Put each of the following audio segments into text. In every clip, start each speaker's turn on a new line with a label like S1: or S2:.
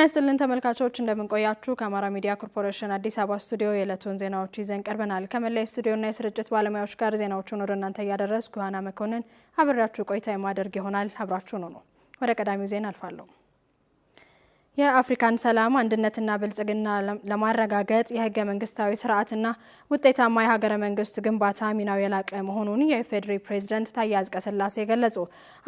S1: ጤና ይስጥልን ተመልካቾች እንደምንቆያችሁ ከአማራ ሚዲያ ኮርፖሬሽን አዲስ አበባ ስቱዲዮ የዕለቱን ዜናዎች ይዘን ቀርበናል። ከመላይ ስቱዲዮና የስርጭት ባለሙያዎች ጋር ዜናዎቹን ወደ እናንተ እያደረስኩ ዮሐና መኮንን አብሬያችሁ ቆይታ የማደርግ ይሆናል። አብራችሁን ሁኑ። ወደ ቀዳሚው ዜና አልፋለሁ። የአፍሪካን ሰላም አንድነትና ብልጽግና ለማረጋገጥ የህገ መንግስታዊ ስርዓትና ውጤታማ የሀገረ መንግስት ግንባታ ሚናው የላቀ መሆኑን የኢፌዴሪ ፕሬዚደንት ታዬ አጽቀሥላሴ ገለጹ።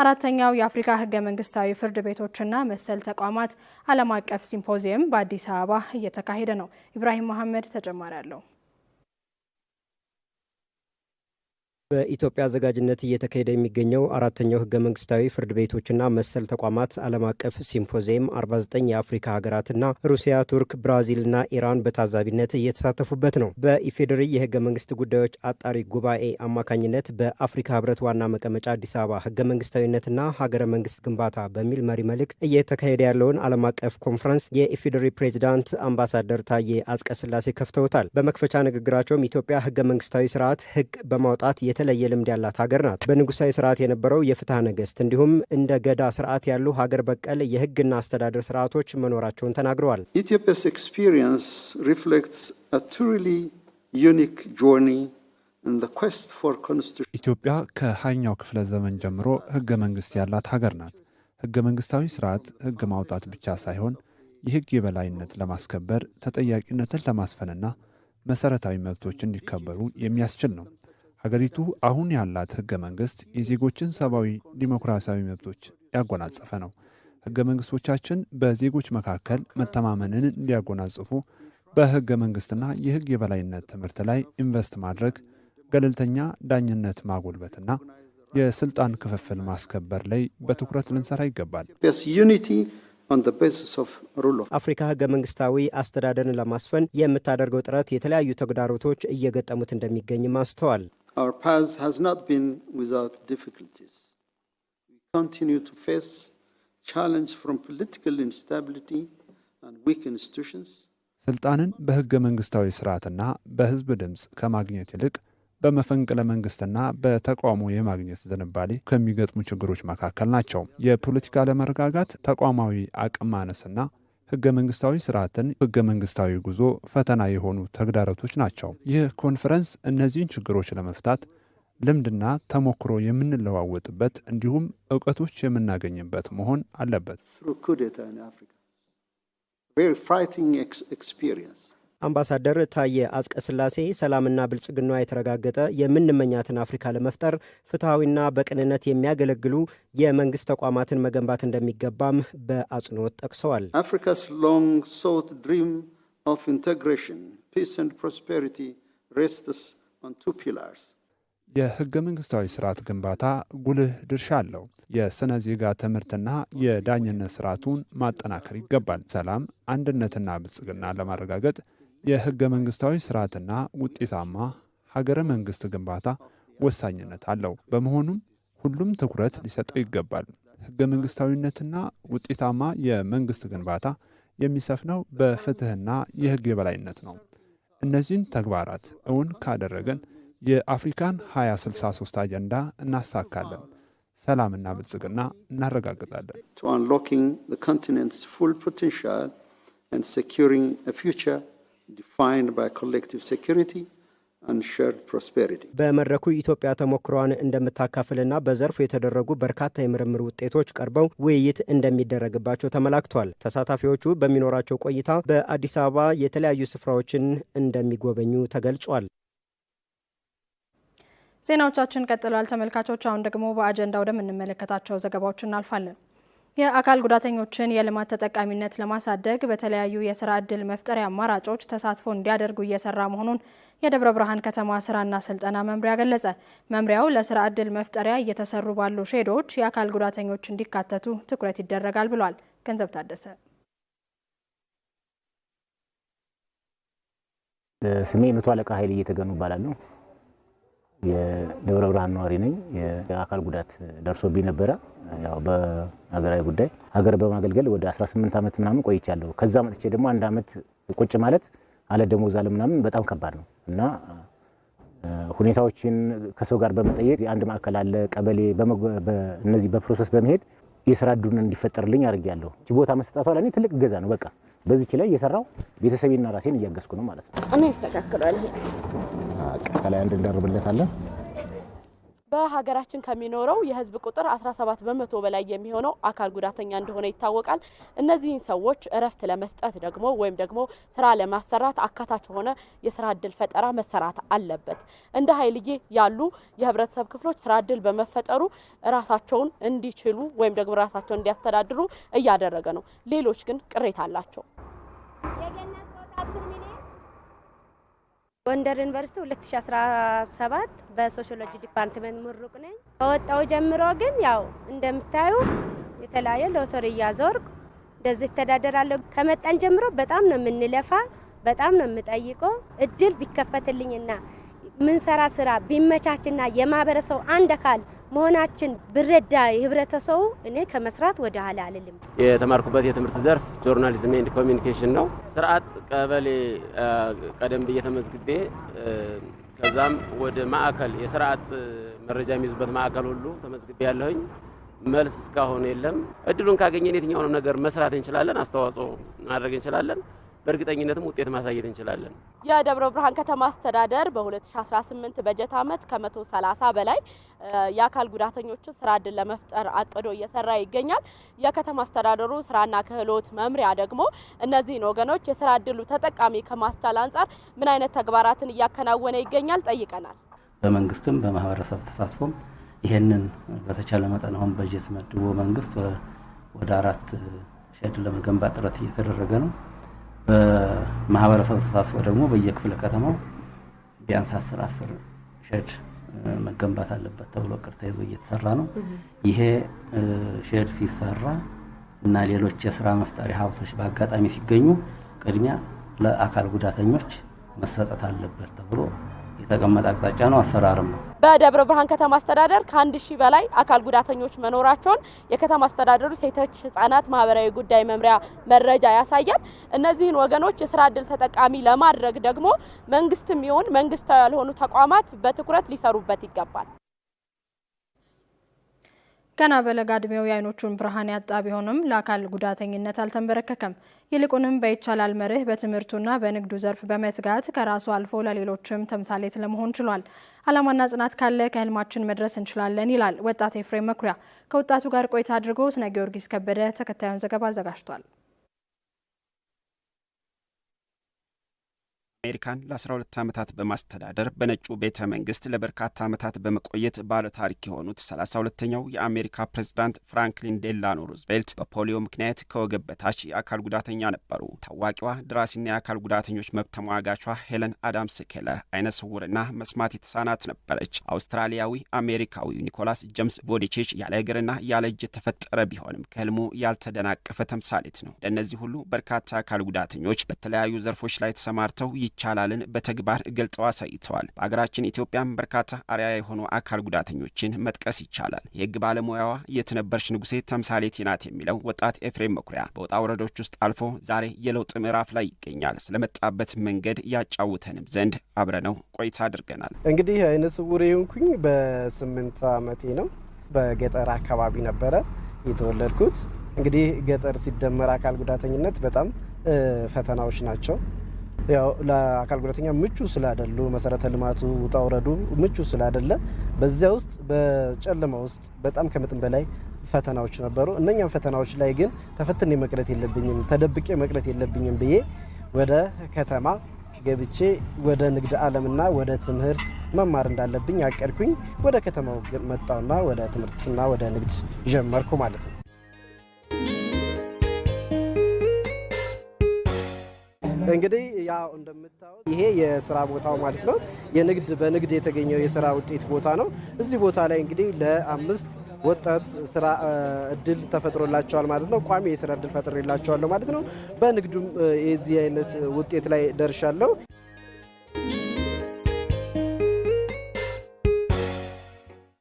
S1: አራተኛው የአፍሪካ ህገ መንግስታዊ ፍርድ ቤቶችና መሰል ተቋማት ዓለም አቀፍ ሲምፖዚየም በአዲስ አበባ እየተካሄደ ነው። ኢብራሂም መሐመድ ተጨማሪ አለው።
S2: በኢትዮጵያ አዘጋጅነት እየተካሄደ የሚገኘው አራተኛው ህገ መንግስታዊ ፍርድ ቤቶችና መሰል ተቋማት ዓለም አቀፍ ሲምፖዚየም 49 የአፍሪካ ሀገራትና ሩሲያ፣ ቱርክ፣ ብራዚልና ኢራን በታዛቢነት እየተሳተፉበት ነው። በኢፌዴሪ የህገ መንግስት ጉዳዮች አጣሪ ጉባኤ አማካኝነት በአፍሪካ ህብረት ዋና መቀመጫ አዲስ አበባ ህገ መንግስታዊነትና ሀገረ መንግስት ግንባታ በሚል መሪ መልእክት እየተካሄደ ያለውን ዓለም አቀፍ ኮንፈረንስ የኢፌዴሪ ፕሬዚዳንት አምባሳደር ታዬ አጽቀስላሴ ከፍተውታል። በመክፈቻ ንግግራቸውም ኢትዮጵያ ህገ መንግስታዊ ስርዓት ህግ በማውጣት የተለየ ልምድ ያላት ሀገር ናት። በንጉሳዊ ስርዓት የነበረው የፍትሐ ነገሥት እንዲሁም እንደ ገዳ ስርዓት ያሉ ሀገር በቀል የህግና አስተዳደር ስርዓቶች መኖራቸውን ተናግረዋል።
S3: ኢትዮጵያስ ኤክስፒሪየንስ ሪፍሌክትስ አ ትሩሊ ዩኒክ ጆርኒ ኢትዮጵያ ከሃያኛው ክፍለ ዘመን ጀምሮ ህገ መንግስት ያላት ሀገር ናት። ህገ መንግስታዊ ስርዓት ህግ ማውጣት ብቻ ሳይሆን የህግ የበላይነት ለማስከበር ተጠያቂነትን ለማስፈንና መሰረታዊ መብቶች እንዲከበሩ የሚያስችል ነው። ሀገሪቱ አሁን ያላት ህገ መንግስት የዜጎችን ሰብአዊ ዲሞክራሲያዊ መብቶች ያጎናጸፈ ነው። ህገ መንግስቶቻችን በዜጎች መካከል መተማመንን እንዲያጎናጽፉ በህገ መንግስትና የህግ የበላይነት ትምህርት ላይ ኢንቨስት ማድረግ፣ ገለልተኛ ዳኝነት ማጎልበትና የስልጣን ክፍፍል ማስከበር ላይ በትኩረት ልንሰራ ይገባል።
S4: አፍሪካ ህገ መንግስታዊ አስተዳደርን ለማስፈን የምታደርገው ጥረት የተለያዩ ተግዳሮቶች እየገጠሙት እንደሚገኝም አንስተዋል።
S3: Our path has not been without difficulties. We continue to face challenge from political instability and weak institutions. ስልጣንን በህገ መንግስታዊ ስርዓትና በህዝብ ድምፅ ከማግኘት ይልቅ በመፈንቅለ መንግስትና በተቃውሞ የማግኘት ዝንባሌ ከሚገጥሙ ችግሮች መካከል ናቸው። የፖለቲካ አለመረጋጋት፣ ተቋማዊ አቅም ማነስና ህገ መንግስታዊ ስርዓትን፣ ህገ መንግስታዊ ጉዞ ፈተና የሆኑ ተግዳሮቶች ናቸው። ይህ ኮንፈረንስ እነዚህን ችግሮች ለመፍታት ልምድና ተሞክሮ የምንለዋወጥበት እንዲሁም እውቀቶች የምናገኝበት መሆን አለበት።
S2: አምባሳደር ታዬ አጽቀ ሰላምና ብልጽግናዋ የተረጋገጠ የምንመኛትን አፍሪካ ለመፍጠር ፍትሐዊና በቅንነት የሚያገለግሉ የመንግስት ተቋማትን መገንባት እንደሚገባም በአጽንኦት ጠቅሰዋል።
S3: አፍሪካስ ሎንግ ሶት ድሪም ኦፍ ኢንቴግሬሽን ፒስ ኤንድ ፕሮስፔሪቲ ሬስትስ ኦን ቱ ፒላርስ የህገ መንግስታዊ ስርዓት ግንባታ ጉልህ ድርሻ አለው። የሥነ ዜጋ ትምህርትና የዳኝነት ስርዓቱን ማጠናከር ይገባል። ሰላም አንድነትና ብልጽግና ለማረጋገጥ የህገ መንግስታዊ ስርዓትና ውጤታማ ሀገረ መንግስት ግንባታ ወሳኝነት አለው። በመሆኑም ሁሉም ትኩረት ሊሰጠው ይገባል። ህገ መንግስታዊነትና ውጤታማ የመንግስት ግንባታ የሚሰፍነው በፍትህና የህግ የበላይነት ነው። እነዚህን ተግባራት እውን ካደረገን የአፍሪካን 2063 አጀንዳ እናሳካለን፣ ሰላምና ብልጽግና እናረጋግጣለን። defined by collective security
S2: በመድረኩ ኢትዮጵያ ተሞክሯን እንደምታካፍልና በዘርፉ የተደረጉ በርካታ የምርምር ውጤቶች ቀርበው ውይይት እንደሚደረግባቸው ተመላክቷል። ተሳታፊዎቹ በሚኖራቸው ቆይታ በአዲስ አበባ የተለያዩ ስፍራዎችን እንደሚጎበኙ ተገልጿል።
S1: ዜናዎቻችን ቀጥለዋል ተመልካቾች። አሁን ደግሞ በአጀንዳ ወደምንመለከታቸው ዘገባዎች እናልፋለን። የአካል ጉዳተኞችን የልማት ተጠቃሚነት ለማሳደግ በተለያዩ የስራ እድል መፍጠሪያ አማራጮች ተሳትፎ እንዲያደርጉ እየሰራ መሆኑን የደብረ ብርሃን ከተማ ስራና ስልጠና መምሪያ ገለጸ። መምሪያው ለስራ እድል መፍጠሪያ እየተሰሩ ባሉ ሼዶች የአካል ጉዳተኞች እንዲካተቱ ትኩረት ይደረጋል ብሏል። ገንዘብ ታደሰ
S4: ስሜ መቶ አለቃ ኃይል እየተገኑ እባላለሁ። የደብረ ብርሃን ነዋሪ ነኝ። የአካል ጉዳት ደርሶብኝ ነበረ። ያው በሀገራዊ ጉዳይ ሀገር በማገልገል ወደ 18 ዓመት ምናምን ቆይቻለሁ። ከዛ መጥቼ ደግሞ አንድ ዓመት ቁጭ ማለት አለ ደሞዝ አለ ምናምን በጣም ከባድ ነው እና ሁኔታዎችን ከሰው ጋር በመጠየቅ አንድ ማዕከል አለ ቀበሌ፣ እነዚህ በፕሮሰስ በመሄድ የስራ እድሉን እንዲፈጠርልኝ አድርጌያለሁ። ቦታ መስጠቷ ለእኔ ትልቅ እገዛ ነው። በቃ በዚች ላይ የሰራው ቤተሰቤና ራሴን እያገዝኩ ነው ማለት
S5: ነው እና ይስተካክሏል።
S4: ቀጣይ አንድ እንደርብለታለን
S1: በሀገራችን ከሚኖረው የህዝብ ቁጥር 17 በመቶ በላይ የሚሆነው አካል ጉዳተኛ እንደሆነ ይታወቃል። እነዚህን ሰዎች እረፍት ለመስጠት ደግሞ ወይም ደግሞ ስራ ለማሰራት አካታች የሆነ የስራ እድል ፈጠራ መሰራት አለበት። እንደ ሀይልዬ ያሉ የህብረተሰብ ክፍሎች ስራ እድል በመፈጠሩ ራሳቸውን እንዲችሉ ወይም ደግሞ ራሳቸውን እንዲያስተዳድሩ እያደረገ ነው። ሌሎች ግን ቅሬታ አላቸው።
S5: ጎንደር ዩኒቨርሲቲ 2017 በሶሺዮሎጂ ዲፓርትመንት ምሩቅ ነኝ። ከወጣው ጀምሮ ግን ያው እንደምታዩ የተለያየ ሎተሪ እያዞርኩ እንደዚህ እተዳደራለሁ። ከመጣን ጀምሮ በጣም ነው የምንለፋ፣ በጣም ነው የምጠይቀው። እድል ቢከፈትልኝና ምንሰራ ስራ ቢመቻችና የማህበረሰቡ አንድ አካል መሆናችን ብረዳ ህብረተሰቡ እኔ ከመስራት ወደ ኋላ አልልም።
S6: የተማርኩበት የትምህርት ዘርፍ ጆርናሊዝም ኤንድ ኮሚኒኬሽን ነው። ስርዓት ቀበሌ ቀደም ብዬ ተመዝግቤ ከዛም ወደ ማዕከል የስርዓት መረጃ የሚይዙበት ማዕከል ሁሉ ተመዝግቤ ያለሁኝ መልስ እስካሁን የለም። እድሉን ካገኘን የትኛውንም ነገር መስራት እንችላለን፣ አስተዋጽኦ ማድረግ እንችላለን። በእርግጠኝነትም ውጤት ማሳየት እንችላለን።
S1: የደብረ ብርሃን ከተማ አስተዳደር በ2018 በጀት ዓመት ከ130 በላይ የአካል ጉዳተኞችን ስራ እድል ለመፍጠር አቅዶ እየሰራ ይገኛል። የከተማ አስተዳደሩ ስራና ክህሎት መምሪያ ደግሞ እነዚህን ወገኖች የስራ እድሉ ተጠቃሚ ከማስቻል አንጻር ምን አይነት ተግባራትን እያከናወነ ይገኛል ጠይቀናል።
S4: በመንግስትም በማህበረሰብ ተሳትፎም ይሄንን በተቻለ መጠን አሁን በጀት መድቦ መንግስት ወደ አራት ሸድ ለመገንባት ጥረት እየተደረገ ነው። በማህበረሰብ ተሳስቦ ደግሞ በየክፍለ ከተማው ቢያንስ አስር አስር ሼድ መገንባት አለበት ተብሎ ቅር ተይዞ እየተሰራ ነው። ይሄ ሼድ ሲሰራ እና ሌሎች የስራ መፍጠሪያ ሀብቶች በአጋጣሚ ሲገኙ ቅድሚያ ለአካል ጉዳተኞች መሰጠት አለበት ተብሎ የተቀመጠ አቅጣጫ ነው፣ አሰራርም ነው።
S1: በደብረ ብርሃን ከተማ አስተዳደር ከአንድ ሺህ በላይ አካል ጉዳተኞች መኖራቸውን የከተማ አስተዳደሩ ሴቶች ህጻናት ማህበራዊ ጉዳይ መምሪያ መረጃ ያሳያል። እነዚህን ወገኖች የስራ እድል ተጠቃሚ ለማድረግ ደግሞ መንግስትም ይሁን መንግስታዊ ያልሆኑ ተቋማት በትኩረት ሊሰሩበት ይገባል። ገና በለጋ እድሜው የአይኖቹን ብርሃን ያጣ ቢሆንም ለአካል ጉዳተኝነት አልተንበረከከም። ይልቁንም በይቻላል መርህ በትምህርቱና በንግዱ ዘርፍ በመትጋት ከራሱ አልፎ ለሌሎችም ተምሳሌት ለመሆን ችሏል። ዓላማና ጽናት ካለ ከህልማችን መድረስ እንችላለን ይላል ወጣት ኤፍሬም መኩሪያ። ከወጣቱ ጋር ቆይታ አድርጎ ስነ ጊዮርጊስ ከበደ ተከታዩን ዘገባ አዘጋጅቷል።
S2: አሜሪካን ለ12 ዓመታት በማስተዳደር በነጩ ቤተ መንግስት ለበርካታ ዓመታት በመቆየት ባለ ታሪክ የሆኑት 32ኛው የአሜሪካ ፕሬዝዳንት ፍራንክሊን ዴላኖ ሩዝቬልት በፖሊዮ ምክንያት ከወገብ በታች የአካል ጉዳተኛ ነበሩ። ታዋቂዋ ደራሲና የአካል ጉዳተኞች መብት ተሟጋቿ ሄለን አዳምስ ኬለር አይነ ስውርና መስማት የተሳናት ነበረች። አውስትራሊያዊ አሜሪካዊ ኒኮላስ ጀምስ ቮዲቺች ያለ እግርና ያለ እጅ የተፈጠረ ቢሆንም ከህልሙ ያልተደናቀፈ ተምሳሌት ነው። ለእነዚህ ሁሉ በርካታ አካል ጉዳተኞች በተለያዩ ዘርፎች ላይ ተሰማርተው ይቻላልን በተግባር ገልጸው አሳይተዋል። በሀገራችን ኢትዮጵያም በርካታ አርያ የሆኑ አካል ጉዳተኞችን መጥቀስ ይቻላል። የህግ ባለሙያዋ የትነበርሽ ንጉሴ ተምሳሌ ናት የሚለው ወጣት ኤፍሬም መኩሪያ በወጣ ወረዶች ውስጥ አልፎ ዛሬ የለውጥ ምዕራፍ ላይ ይገኛል። ስለመጣበት መንገድ ያጫውተንም ዘንድ አብረነው ቆይታ አድርገናል።
S7: እንግዲህ አይነ ስውር የሆንኩኝ በስምንት ዓመቴ ነው። በገጠር አካባቢ ነበረ የተወለድኩት። እንግዲህ ገጠር ሲደመር አካል ጉዳተኝነት በጣም ፈተናዎች ናቸው። ያው ለአካል ጉዳተኛ ምቹ ስላደሉ መሰረተ ልማቱ ውጣ ውረዱ ምቹ ስላይደለ በዚያ ውስጥ በጨለማ ውስጥ በጣም ከመጠን በላይ ፈተናዎች ነበሩ። እነኛም ፈተናዎች ላይ ግን ተፈትኔ መቅረት የለብኝም ተደብቄ መቅረት የለብኝም ብዬ ወደ ከተማ ገብቼ ወደ ንግድ ዓለምና ወደ ትምህርት መማር እንዳለብኝ አቀድኩኝ። ወደ ከተማው መጣውና ወደ ትምህርትና ወደ ንግድ ጀመርኩ ማለት ነው። እንግዲህ ያው እንደምታዩት ይሄ የስራ ቦታው ማለት ነው። የንግድ በንግድ የተገኘው የስራ ውጤት ቦታ ነው። እዚህ ቦታ ላይ እንግዲህ ለአምስት ወጣት ስራ እድል ተፈጥሮላቸዋል ማለት ነው። ቋሚ የስራ እድል ፈጥሬላቸዋለሁ ማለት ነው። በንግዱም የዚህ አይነት ውጤት ላይ ደርሻለሁ።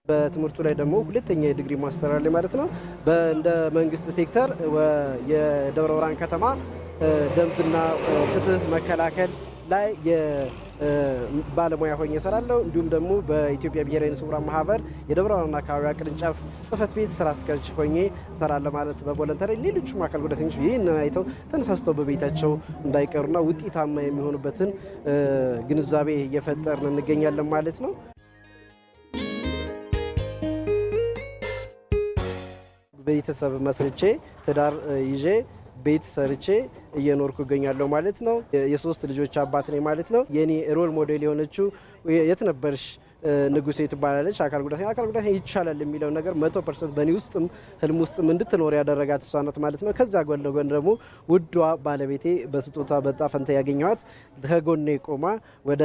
S7: በትምህርቱ ላይ ደግሞ ሁለተኛ የዲግሪ ማስተር ላይ ማለት ነው። እንደ መንግስት ሴክተር የደብረ ብርሃን ከተማ ደንብና ፍትህ መከላከል ላይ ባለሙያ ሆኜ እሰራለሁ። እንዲሁም ደግሞ በኢትዮጵያ ብሔራዊ ንስውራን ማህበር የደብረ ብርሃንና ቅርንጫፍ ጽህፈት ቤት ስራ አስኪያጅ ሆኜ እሰራለሁ ማለት በቮለንተሪ ሌሎችም አካል ጉዳተኞች ይህን አይተው ተነሳስተው በቤታቸው እንዳይቀሩና ውጤታማ የሚሆኑበትን ግንዛቤ እየፈጠርን እንገኛለን ማለት ነው። ቤተሰብ መስርቼ ትዳር ይዤ ቤት ሰርቼ እየኖርኩ እገኛለሁ ማለት ነው። የሶስት ልጆች አባት ነኝ ማለት ነው። የኔ ሮል ሞዴል የሆነችው የት ነበርሽ ንጉሴ ትባላለች። አካል ጉዳት አካል ጉዳት ይቻላል የሚለው ነገር መቶ ፐርሰንት በእኔ ውስጥም ህልም ውስጥም እንድትኖር ያደረጋት እሷ ናት ማለት ነው። ከዛ ጎን ለጎን ደግሞ ውዷ ባለቤቴ በስጦታ በጣፈንታ ያገኘኋት ከጎኔ ቆማ ወደ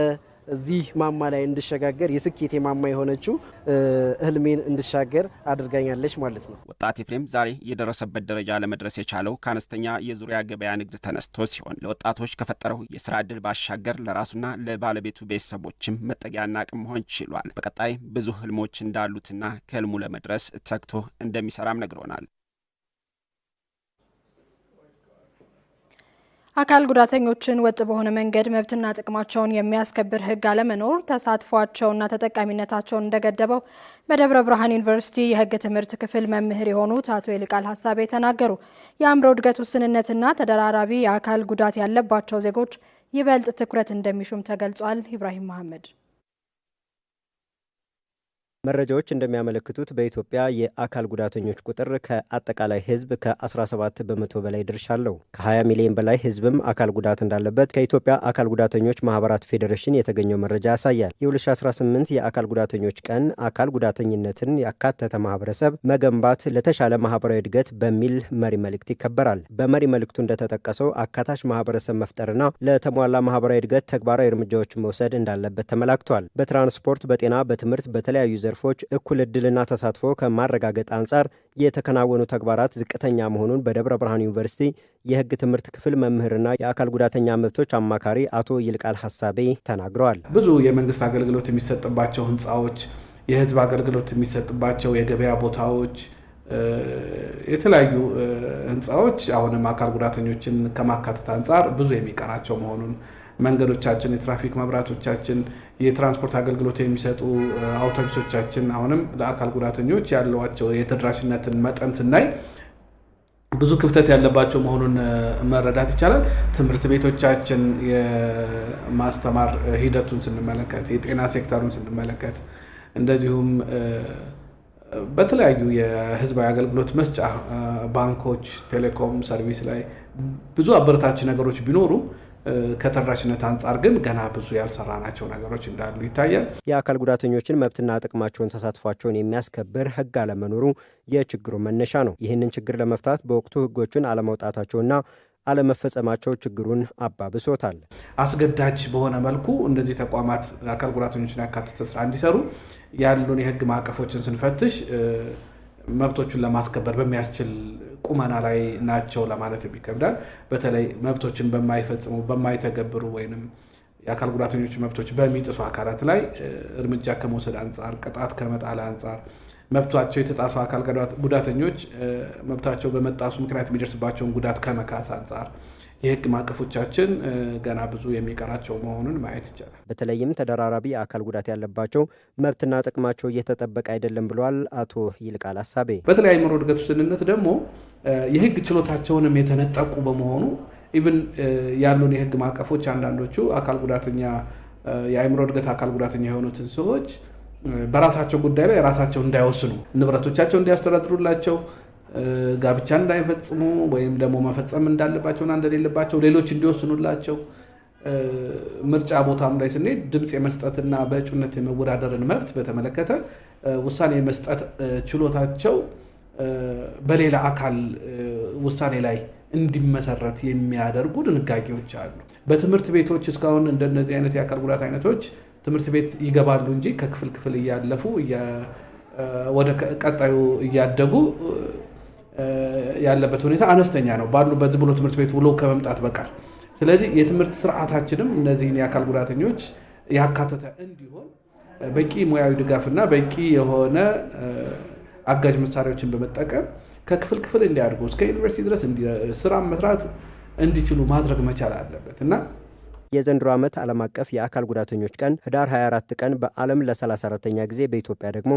S7: እዚህ ማማ ላይ እንድሸጋገር የስኬቴ ማማ የሆነችው እህልሜን እንድሻገር አድርጋኛለች ማለት ነው።
S2: ወጣት ኤፍሬም ዛሬ የደረሰበት ደረጃ ለመድረስ የቻለው ከአነስተኛ የዙሪያ ገበያ ንግድ ተነስቶ ሲሆን ለወጣቶች ከፈጠረው የስራ እድል ባሻገር ለራሱና ለባለቤቱ ቤተሰቦችም መጠጊያና አቅም መሆን ችሏል። በቀጣይ ብዙ ህልሞች እንዳሉትና ከህልሙ ለመድረስ ተግቶ እንደሚሰራም ነግሮናል።
S1: አካል ጉዳተኞችን ወጥ በሆነ መንገድ መብትና ጥቅማቸውን የሚያስከብር ሕግ አለመኖር ተሳትፏቸውና ተጠቃሚነታቸውን እንደገደበው በደብረ ብርሃን ዩኒቨርሲቲ የሕግ ትምህርት ክፍል መምህር የሆኑት አቶ ይልቃል ሀሳቤ ተናገሩ። የአእምሮ እድገት ውስንነትና ተደራራቢ የአካል ጉዳት ያለባቸው ዜጎች ይበልጥ ትኩረት እንደሚሹም ተገልጿል። ኢብራሂም መሐመድ
S2: መረጃዎች እንደሚያመለክቱት በኢትዮጵያ የአካል ጉዳተኞች ቁጥር ከአጠቃላይ ሕዝብ ከ17 በመቶ በላይ ድርሻ አለው። ከ20 ሚሊዮን በላይ ሕዝብም አካል ጉዳት እንዳለበት ከኢትዮጵያ አካል ጉዳተኞች ማህበራት ፌዴሬሽን የተገኘው መረጃ ያሳያል። የ2018 የአካል ጉዳተኞች ቀን አካል ጉዳተኝነትን ያካተተ ማህበረሰብ መገንባት ለተሻለ ማህበራዊ እድገት በሚል መሪ መልእክት ይከበራል። በመሪ መልእክቱ እንደተጠቀሰው አካታች ማህበረሰብ መፍጠርና ለተሟላ ማህበራዊ እድገት ተግባራዊ እርምጃዎችን መውሰድ እንዳለበት ተመላክቷል። በትራንስፖርት፣ በጤና፣ በትምህርት በተለያዩ ዘ ዘርፎች እኩል ዕድልና ተሳትፎ ከማረጋገጥ አንጻር የተከናወኑ ተግባራት ዝቅተኛ መሆኑን በደብረ ብርሃን ዩኒቨርሲቲ የሕግ ትምህርት ክፍል መምህርና የአካል ጉዳተኛ መብቶች አማካሪ አቶ ይልቃል ሀሳቤ ተናግረዋል።
S8: ብዙ የመንግስት አገልግሎት የሚሰጥባቸው ህንፃዎች፣ የህዝብ አገልግሎት የሚሰጥባቸው የገበያ ቦታዎች የተለያዩ ህንፃዎች አሁንም አካል ጉዳተኞችን ከማካተት አንጻር ብዙ የሚቀራቸው መሆኑን መንገዶቻችን፣ የትራፊክ መብራቶቻችን የትራንስፖርት አገልግሎት የሚሰጡ አውቶቡሶቻችን አሁንም ለአካል ጉዳተኞች ያለዋቸው የተደራሽነትን መጠን ስናይ ብዙ ክፍተት ያለባቸው መሆኑን መረዳት ይቻላል። ትምህርት ቤቶቻችን የማስተማር ሂደቱን ስንመለከት፣ የጤና ሴክተሩን ስንመለከት፣ እንደዚሁም በተለያዩ የህዝባዊ አገልግሎት መስጫ ባንኮች፣ ቴሌኮም ሰርቪስ ላይ ብዙ አበረታች ነገሮች ቢኖሩ ከተደራሽነት አንጻር ግን ገና ብዙ ያልሰራናቸው ነገሮች እንዳሉ ይታያል።
S2: የአካል ጉዳተኞችን መብትና ጥቅማቸውን፣ ተሳትፏቸውን የሚያስከብር ህግ አለመኖሩ የችግሩ መነሻ ነው። ይህንን ችግር ለመፍታት በወቅቱ ህጎቹን አለመውጣታቸውና አለመፈጸማቸው ችግሩን አባብሶታል።
S8: አስገዳጅ በሆነ መልኩ እነዚህ ተቋማት አካል ጉዳተኞችን ያካተተ ስራ እንዲሰሩ ያሉን የህግ ማዕቀፎችን ስንፈትሽ መብቶቹን ለማስከበር በሚያስችል ቁመና ላይ ናቸው ለማለት ይከብዳል። በተለይ መብቶችን በማይፈጽሙ በማይተገብሩ ወይንም የአካል ጉዳተኞች መብቶች በሚጥሱ አካላት ላይ እርምጃ ከመውሰድ አንጻር፣ ቅጣት ከመጣል አንጻር መብቷቸው የተጣሱ አካል ጉዳተኞች መብታቸው በመጣሱ ምክንያት የሚደርስባቸውን ጉዳት ከመካስ አንጻር የህግ ማዕቀፎቻችን ገና ብዙ የሚቀራቸው መሆኑን ማየት ይቻላል።
S2: በተለይም ተደራራቢ አካል ጉዳት ያለባቸው መብትና ጥቅማቸው እየተጠበቀ አይደለም ብለዋል አቶ ይልቃል አሳቤ።
S8: በተለይ አእምሮ እድገት ውስንነት ደግሞ የህግ ችሎታቸውንም የተነጠቁ በመሆኑ ኢቭን ያሉን የህግ ማዕቀፎች አንዳንዶቹ አካል ጉዳተኛ የአእምሮ እድገት አካል ጉዳተኛ የሆኑትን ሰዎች በራሳቸው ጉዳይ ላይ ራሳቸው እንዳይወስኑ ንብረቶቻቸው እንዲያስተዳድሩላቸው ጋብቻ እንዳይፈጽሙ ወይም ደግሞ መፈጸም እንዳለባቸውና እንደሌለባቸው ሌሎች እንዲወስኑላቸው ምርጫ ቦታም ላይ ስንሄድ ድምፅ የመስጠትና በእጩነት የመወዳደርን መብት በተመለከተ ውሳኔ የመስጠት ችሎታቸው በሌላ አካል ውሳኔ ላይ እንዲመሰረት የሚያደርጉ ድንጋጌዎች አሉ። በትምህርት ቤቶች እስካሁን እንደነዚህ አይነት የአካል ጉዳት አይነቶች ትምህርት ቤት ይገባሉ እንጂ ከክፍል ክፍል እያለፉ ወደ ቀጣዩ እያደጉ ያለበት ሁኔታ አነስተኛ ነው ባሉ ዝም ብሎ ትምህርት ቤት ውሎ ከመምጣት በቀር። ስለዚህ የትምህርት ስርዓታችንም እነዚህን የአካል ጉዳተኞች ያካተተ እንዲሆን በቂ ሙያዊ ድጋፍና በቂ የሆነ አጋዥ መሳሪያዎችን በመጠቀም ከክፍል ክፍል እንዲያድጉ እስከ ዩኒቨርሲቲ ድረስ ስራ መስራት እንዲችሉ ማድረግ መቻል አለበት እና
S2: የዘንድሮ ዓመት ዓለም አቀፍ የአካል ጉዳተኞች ቀን ህዳር 24 ቀን በዓለም ለ34ኛ ጊዜ በኢትዮጵያ ደግሞ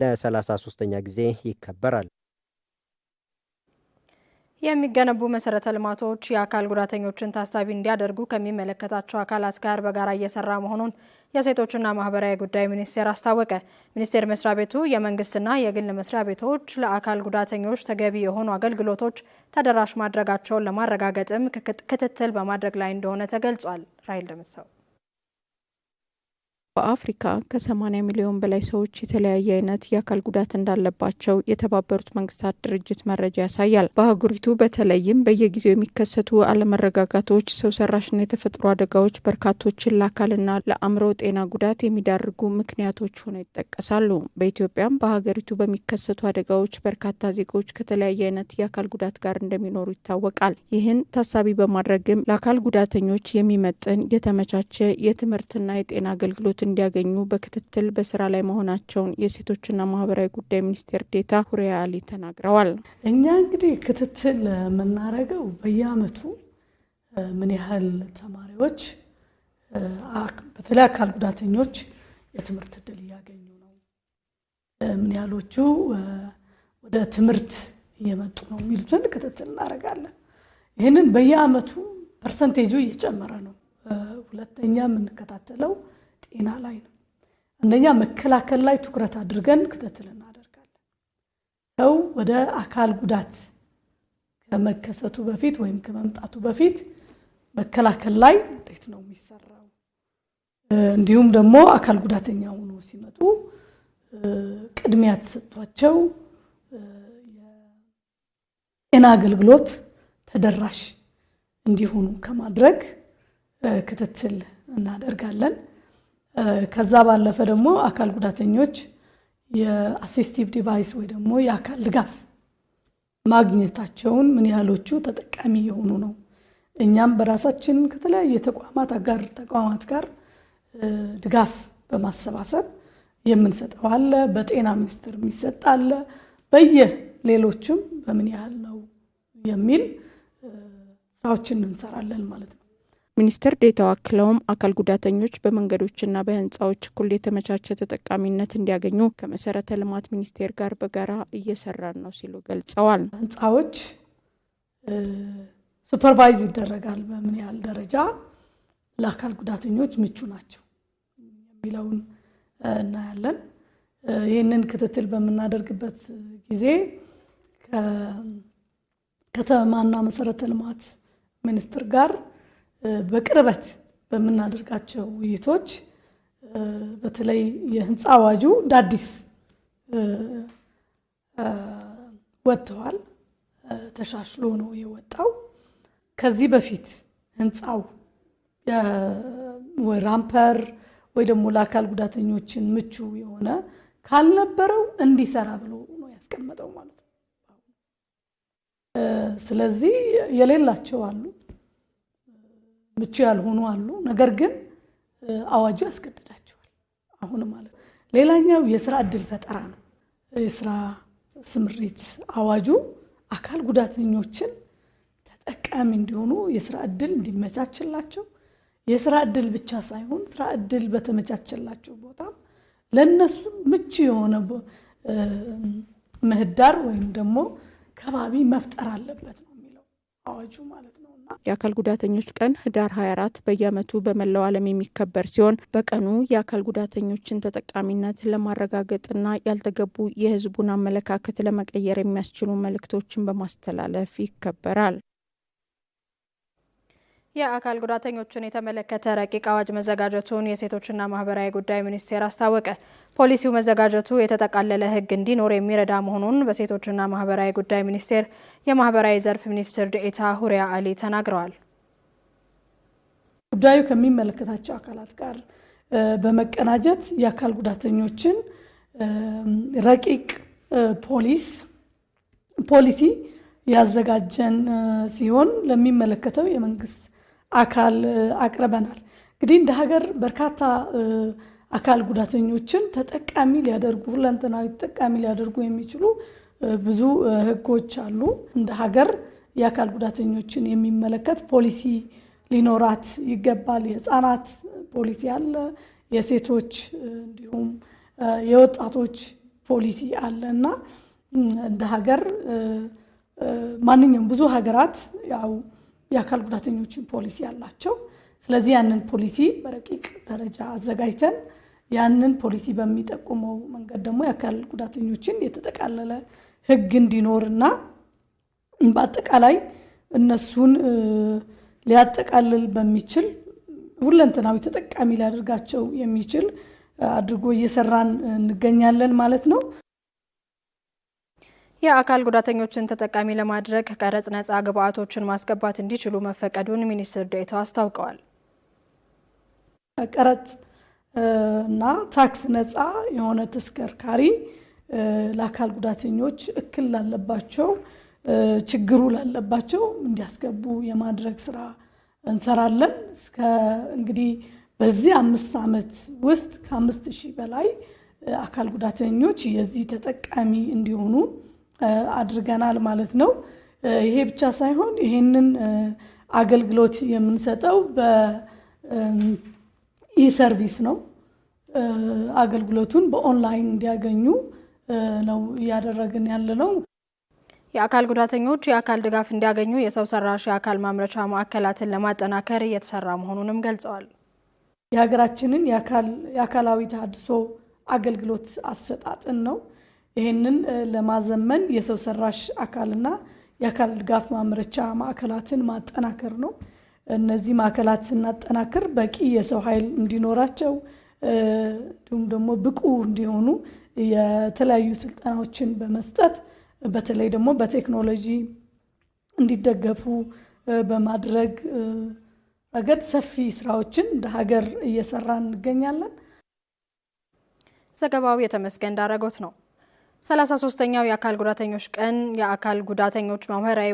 S2: ለ 33 ተኛ ጊዜ ይከበራል።
S1: የሚገነቡ መሰረተ ልማቶች የአካል ጉዳተኞችን ታሳቢ እንዲያደርጉ ከሚመለከታቸው አካላት ጋር በጋራ እየሰራ መሆኑን የሴቶችና ማህበራዊ ጉዳይ ሚኒስቴር አስታወቀ። ሚኒስቴር መስሪያ ቤቱ የመንግስትና የግል መስሪያ ቤቶች ለአካል ጉዳተኞች ተገቢ የሆኑ አገልግሎቶች ተደራሽ ማድረጋቸውን ለማረጋገጥም ክትትል በማድረግ ላይ እንደሆነ ተገልጿል። ራይል ደምሰው በአፍሪካ ከ80 ሚሊዮን በላይ ሰዎች የተለያየ አይነት የአካል ጉዳት እንዳለባቸው የተባበሩት መንግስታት ድርጅት መረጃ ያሳያል። በአህጉሪቱ በተለይም በየጊዜው የሚከሰቱ አለመረጋጋቶች፣ ሰው ሰራሽና የተፈጥሮ አደጋዎች በርካቶችን ለአካልና ለአእምሮ ጤና ጉዳት የሚዳርጉ ምክንያቶች ሆነው ይጠቀሳሉ። በኢትዮጵያም በሀገሪቱ በሚከሰቱ አደጋዎች በርካታ ዜጎች ከተለያየ አይነት የአካል ጉዳት ጋር እንደሚኖሩ ይታወቃል። ይህን ታሳቢ በማድረግም ለአካል ጉዳተኞች የሚመጥን የተመቻቸ የትምህርትና የጤና አገልግሎት አገልግሎት እንዲያገኙ በክትትል በስራ ላይ መሆናቸውን የሴቶችና ማህበራዊ ጉዳይ ሚኒስቴር ዴታ ሁሪያ አሊ ተናግረዋል።
S9: እኛ እንግዲህ ክትትል የምናደርገው በየአመቱ ምን ያህል ተማሪዎች በተለይ አካል ጉዳተኞች የትምህርት እድል እያገኙ ነው፣ ምን ያህሎቹ ወደ ትምህርት እየመጡ ነው የሚሉትን ክትትል እናደርጋለን። ይህንን በየአመቱ ፐርሰንቴጁ እየጨመረ ነው። ሁለተኛ የምንከታተለው ጤና ላይ ነው። አንደኛ መከላከል ላይ ትኩረት አድርገን ክትትል እናደርጋለን። ሰው ወደ አካል ጉዳት ከመከሰቱ በፊት ወይም ከመምጣቱ በፊት መከላከል ላይ እንዴት ነው የሚሰራው? እንዲሁም ደግሞ አካል ጉዳተኛ ሆኖ ሲመጡ ቅድሚያ ተሰጥቷቸው የጤና አገልግሎት ተደራሽ እንዲሆኑ ከማድረግ ክትትል እናደርጋለን። ከዛ ባለፈ ደግሞ አካል ጉዳተኞች የአሲስቲቭ ዲቫይስ ወይ ደግሞ የአካል ድጋፍ ማግኘታቸውን ምን ያህሎቹ ተጠቃሚ የሆኑ ነው። እኛም በራሳችን ከተለያየ የተቋማት አጋር ተቋማት ጋር ድጋፍ በማሰባሰብ የምንሰጠው አለ። በጤና ሚኒስቴር የሚሰጥ አለ። በየ ሌሎችም በምን ያህል ነው የሚል ስራዎችን እንሰራለን ማለት ነው።
S1: ሚኒስትር ዴታው አክለውም አካል ጉዳተኞች በመንገዶችና በህንፃዎች እኩል የተመቻቸ ተጠቃሚነት እንዲያገኙ ከመሰረተ ልማት ሚኒስቴር ጋር በጋራ እየሰራን ነው ሲሉ ገልጸዋል።
S9: ህንፃዎች ሱፐርቫይዝ ይደረጋል። በምን ያህል ደረጃ ለአካል ጉዳተኞች ምቹ ናቸው የሚለውን እናያለን። ይህንን ክትትል በምናደርግበት ጊዜ ከተማና መሰረተ ልማት ሚኒስቴር ጋር በቅርበት በምናደርጋቸው ውይይቶች በተለይ የህንፃ አዋጁ እንደ አዲስ ወጥተዋል፣ ተሻሽሎ ነው የወጣው። ከዚህ በፊት ህንፃው ራምፐር ወይ ደግሞ ለአካል ጉዳተኞችን ምቹ የሆነ ካልነበረው እንዲሰራ ብሎ ነው ያስቀመጠው ማለት ነው። ስለዚህ የሌላቸው አሉ ምቹ ያልሆኑ አሉ። ነገር ግን አዋጁ ያስገድዳቸዋል። አሁን ማለት ሌላኛው የስራ እድል ፈጠራ ነው። የስራ ስምሪት አዋጁ አካል ጉዳተኞችን ተጠቃሚ እንዲሆኑ የስራ እድል እንዲመቻችላቸው የስራ እድል ብቻ ሳይሆን ስራ እድል በተመቻቸላቸው ቦታ ለእነሱ ምቹ የሆነ ምህዳር ወይም ደግሞ ከባቢ መፍጠር አለበት ነው የሚለው አዋጁ ማለት ነው።
S1: የአካል ጉዳተኞች ቀን ህዳር 24 በየዓመቱ በመላው ዓለም የሚከበር ሲሆን በቀኑ የአካል ጉዳተኞችን ተጠቃሚነት ለማረጋገጥና ያልተገቡ የህዝቡን አመለካከት ለመቀየር የሚያስችሉ መልእክቶችን በማስተላለፍ ይከበራል። የአካል ጉዳተኞችን የተመለከተ ረቂቅ አዋጅ መዘጋጀቱን የሴቶችና ማህበራዊ ጉዳይ ሚኒስቴር አስታወቀ። ፖሊሲው መዘጋጀቱ የተጠቃለለ ሕግ እንዲኖር የሚረዳ መሆኑን በሴቶችና ማህበራዊ ጉዳይ ሚኒስቴር የማህበራዊ ዘርፍ ሚኒስትር ዴኤታ ሁሪያ አሊ ተናግረዋል።
S9: ጉዳዩ ከሚመለከታቸው አካላት ጋር በመቀናጀት የአካል ጉዳተኞችን ረቂቅ ፖሊስ ፖሊሲ ያዘጋጀን ሲሆን ለሚመለከተው የመንግስት አካል አቅርበናል። እንግዲህ እንደ ሀገር በርካታ አካል ጉዳተኞችን ተጠቃሚ ሊያደርጉ ሁለንተናዊ ተጠቃሚ ሊያደርጉ የሚችሉ ብዙ ህጎች አሉ። እንደ ሀገር የአካል ጉዳተኞችን የሚመለከት ፖሊሲ ሊኖራት ይገባል። የህፃናት ፖሊሲ አለ፣ የሴቶች እንዲሁም የወጣቶች ፖሊሲ አለ እና እንደ ሀገር ማንኛውም ብዙ ሀገራት ያው የአካል ጉዳተኞችን ፖሊሲ አላቸው። ስለዚህ ያንን ፖሊሲ በረቂቅ ደረጃ አዘጋጅተን ያንን ፖሊሲ በሚጠቁመው መንገድ ደግሞ የአካል ጉዳተኞችን የተጠቃለለ ሕግ እንዲኖርና በአጠቃላይ እነሱን ሊያጠቃልል በሚችል ሁለንተናዊ ተጠቃሚ ሊያደርጋቸው የሚችል አድርጎ እየሰራን እንገኛለን ማለት ነው።
S1: የአካል ጉዳተኞችን ተጠቃሚ ለማድረግ ቀረጽ ነጻ ግብዓቶችን ማስገባት እንዲችሉ መፈቀዱን ሚኒስትር ዴኤታው አስታውቀዋል።
S9: ቀረጽ እና ታክስ ነጻ የሆነ ተሽከርካሪ ለአካል ጉዳተኞች እክል ላለባቸው፣ ችግሩ ላለባቸው እንዲያስገቡ የማድረግ ስራ እንሰራለን። እንግዲህ በዚህ አምስት ዓመት ውስጥ ከአምስት ሺህ በላይ አካል ጉዳተኞች የዚህ ተጠቃሚ እንዲሆኑ አድርገናል ማለት ነው። ይሄ ብቻ ሳይሆን ይሄንን አገልግሎት የምንሰጠው በኢሰርቪስ ነው። አገልግሎቱን በኦንላይን እንዲያገኙ ነው እያደረግን ያለ ነው።
S1: የአካል ጉዳተኞች የአካል ድጋፍ እንዲያገኙ የሰው ሰራሽ የአካል ማምረቻ ማዕከላትን ለማጠናከር እየተሰራ መሆኑንም ገልጸዋል።
S9: የሀገራችንን የአካላዊ ተሃድሶ አገልግሎት አሰጣጥን ነው ይህንን ለማዘመን የሰው ሰራሽ አካልና የአካል ድጋፍ ማምረቻ ማዕከላትን ማጠናከር ነው። እነዚህ ማዕከላት ስናጠናክር በቂ የሰው ኃይል እንዲኖራቸው እንዲሁም ደግሞ ብቁ እንዲሆኑ የተለያዩ ስልጠናዎችን በመስጠት በተለይ ደግሞ በቴክኖሎጂ እንዲደገፉ በማድረግ ረገድ ሰፊ ስራዎችን እንደ ሀገር እየሰራ እንገኛለን።
S1: ዘገባው የተመስገን ዳረጎት ነው። 33ኛው የአካል ጉዳተኞች ቀን የአካል ጉዳተኞች ማህበራዊ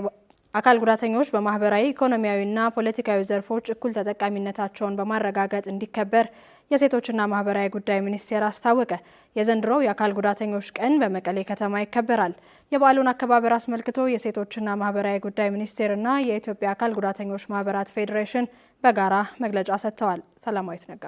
S1: አካል ጉዳተኞች በማህበራዊ ኢኮኖሚያዊና ፖለቲካዊ ዘርፎች እኩል ተጠቃሚነታቸውን በማረጋገጥ እንዲከበር የሴቶችና ማህበራዊ ጉዳይ ሚኒስቴር አስታወቀ። የዘንድሮው የአካል ጉዳተኞች ቀን በመቀሌ ከተማ ይከበራል። የበዓሉን አከባበር አስመልክቶ የሴቶችና ማህበራዊ ጉዳይ ሚኒስቴርና የኢትዮጵያ አካል ጉዳተኞች ማህበራት ፌዴሬሽን በጋራ መግለጫ ሰጥተዋል። ሰላማዊት ነጋ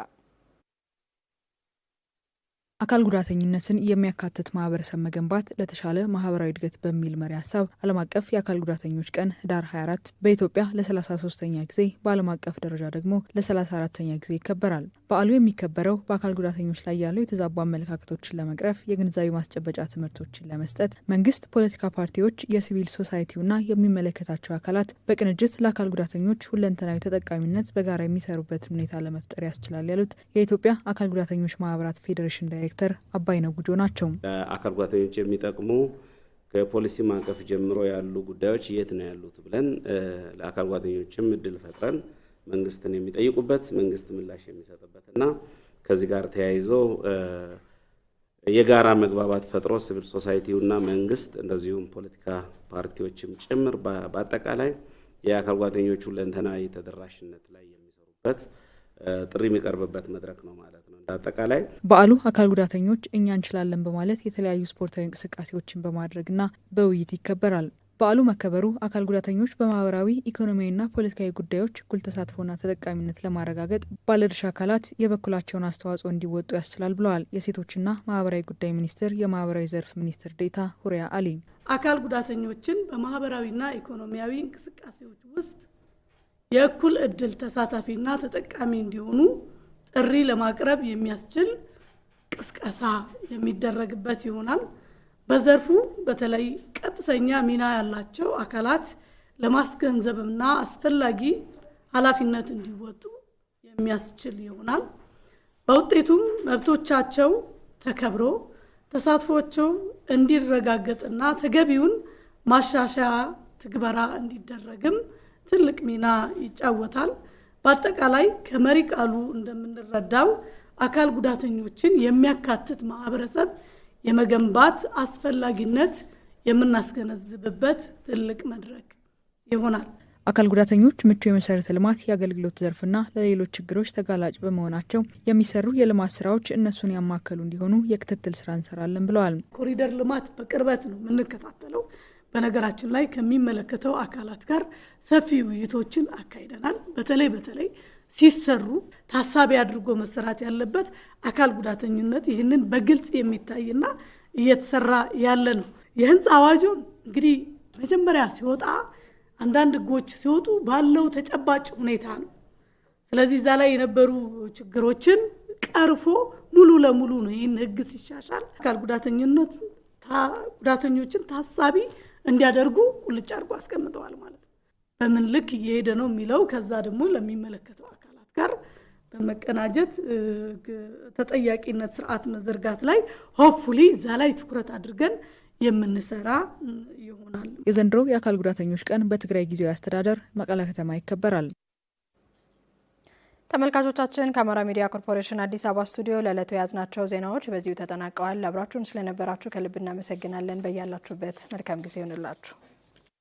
S1: አካል ጉዳተኝነትን የሚያካትት ማህበረሰብ መገንባት ለተሻለ ማህበራዊ እድገት በሚል መሪ ሀሳብ ዓለም አቀፍ የአካል ጉዳተኞች ቀን ህዳር 24 በኢትዮጵያ ለ33ኛ ጊዜ በዓለም አቀፍ ደረጃ ደግሞ ለ 34 ተኛ ጊዜ ይከበራል። በዓሉ የሚከበረው በአካል ጉዳተኞች ላይ ያለው የተዛቡ አመለካከቶችን ለመቅረፍ የግንዛቤ ማስጨበጫ ትምህርቶችን ለመስጠት መንግስት፣ ፖለቲካ ፓርቲዎች፣ የሲቪል ሶሳይቲውና የሚመለከታቸው አካላት በቅንጅት ለአካል ጉዳተኞች ሁለንተናዊ ተጠቃሚነት በጋራ የሚሰሩበትን ሁኔታ ለመፍጠር ያስችላል ያሉት የኢትዮጵያ አካል ጉዳተኞች ማህበራት ፌዴሬሽን ዳይሬክተር ዳይሬክተር አባይነው ጉጆ ናቸው።
S10: አካል ጉዳተኞች የሚጠቅሙ ከፖሊሲ ማዕቀፍ ጀምሮ ያሉ ጉዳዮች የት ነው ያሉት ብለን ለአካል ጓተኞችም እድል ፈጥረን መንግስትን የሚጠይቁበት መንግስት ምላሽ የሚሰጥበት እና ከዚህ ጋር ተያይዞ የጋራ መግባባት ፈጥሮ ሲቪል ሶሳይቲውና መንግስት እንደዚሁም ፖለቲካ ፓርቲዎችም ጭምር በአጠቃላይ የአካል ጓደኞቹ ለንተናዊ ተደራሽነት ላይ የሚሰሩበት ጥሪ የሚቀርብበት መድረክ ነው ማለት ነው።
S1: አጠቃላይ በዓሉ አካል ጉዳተኞች እኛ እንችላለን በማለት የተለያዩ ስፖርታዊ እንቅስቃሴዎችን በማድረግና በውይይት ይከበራል። በዓሉ መከበሩ አካል ጉዳተኞች በማህበራዊ ኢኮኖሚያዊና ፖለቲካዊ ጉዳዮች እኩል ተሳትፎና ተጠቃሚነት ለማረጋገጥ ባለድርሻ አካላት የበኩላቸውን አስተዋጽኦ እንዲወጡ ያስችላል ብለዋል የሴቶችና ማህበራዊ ጉዳይ ሚኒስቴር የማህበራዊ ዘርፍ ሚኒስትር ዴታ ሁሪያ አሊ።
S9: አካል ጉዳተኞችን በማህበራዊና ኢኮኖሚያዊ እንቅስቃሴዎች ውስጥ የእኩል እድል ተሳታፊና ተጠቃሚ እንዲሆኑ ጥሪ ለማቅረብ የሚያስችል ቅስቀሳ የሚደረግበት ይሆናል። በዘርፉ በተለይ ቀጥተኛ ሚና ያላቸው አካላት ለማስገንዘብና አስፈላጊ ኃላፊነት እንዲወጡ የሚያስችል ይሆናል። በውጤቱም መብቶቻቸው ተከብሮ ተሳትፏቸው እንዲረጋገጥና ተገቢውን ማሻሻያ ትግበራ እንዲደረግም ትልቅ ሚና ይጫወታል። በአጠቃላይ ከመሪ ቃሉ እንደምንረዳው አካል ጉዳተኞችን የሚያካትት ማህበረሰብ የመገንባት አስፈላጊነት የምናስገነዝብበት ትልቅ መድረክ ይሆናል።
S1: አካል ጉዳተኞች ምቹ የመሰረተ ልማት የአገልግሎት ዘርፍና ለሌሎች ችግሮች ተጋላጭ በመሆናቸው የሚሰሩ የልማት ስራዎች እነሱን ያማከሉ እንዲሆኑ የክትትል ስራ እንሰራለን ብለዋል።
S9: ኮሪደር ልማት በቅርበት ነው የምንከታተለው። በነገራችን ላይ ከሚመለከተው አካላት ጋር ሰፊ ውይይቶችን አካሂደናል። በተለይ በተለይ ሲሰሩ ታሳቢ አድርጎ መሰራት ያለበት አካል ጉዳተኝነት ይህንን በግልጽ የሚታይና እየተሰራ ያለ ነው። የህንፃ አዋጁን እንግዲህ መጀመሪያ ሲወጣ አንዳንድ ህጎች ሲወጡ ባለው ተጨባጭ ሁኔታ ነው። ስለዚህ እዛ ላይ የነበሩ ችግሮችን ቀርፎ ሙሉ ለሙሉ ነው ይህን ህግ ሲሻሻል አካል ጉዳተኝነት ጉዳተኞችን ታሳቢ እንዲያደርጉ ቁልጭ አድርጎ አስቀምጠዋል ማለት ነው። በምን ልክ እየሄደ ነው የሚለው ከዛ ደግሞ ለሚመለከተው አካላት ጋር በመቀናጀት ተጠያቂነት ስርዓት መዘርጋት ላይ ሆፕፉሊ እዛ ላይ ትኩረት አድርገን የምንሰራ
S1: ይሆናል። የዘንድሮ የአካል ጉዳተኞች ቀን በትግራይ ጊዜያዊ አስተዳደር መቀለ ከተማ ይከበራል። ተመልካቾቻችን ከአማራ ሚዲያ ኮርፖሬሽን አዲስ አበባ ስቱዲዮ ለዕለቱ የያዝናቸው ዜናዎች በዚሁ ተጠናቀዋል። አብራችሁን ስለነበራችሁ ከልብ እናመሰግናለን። በያላችሁበት መልካም ጊዜ ይሆንላችሁ።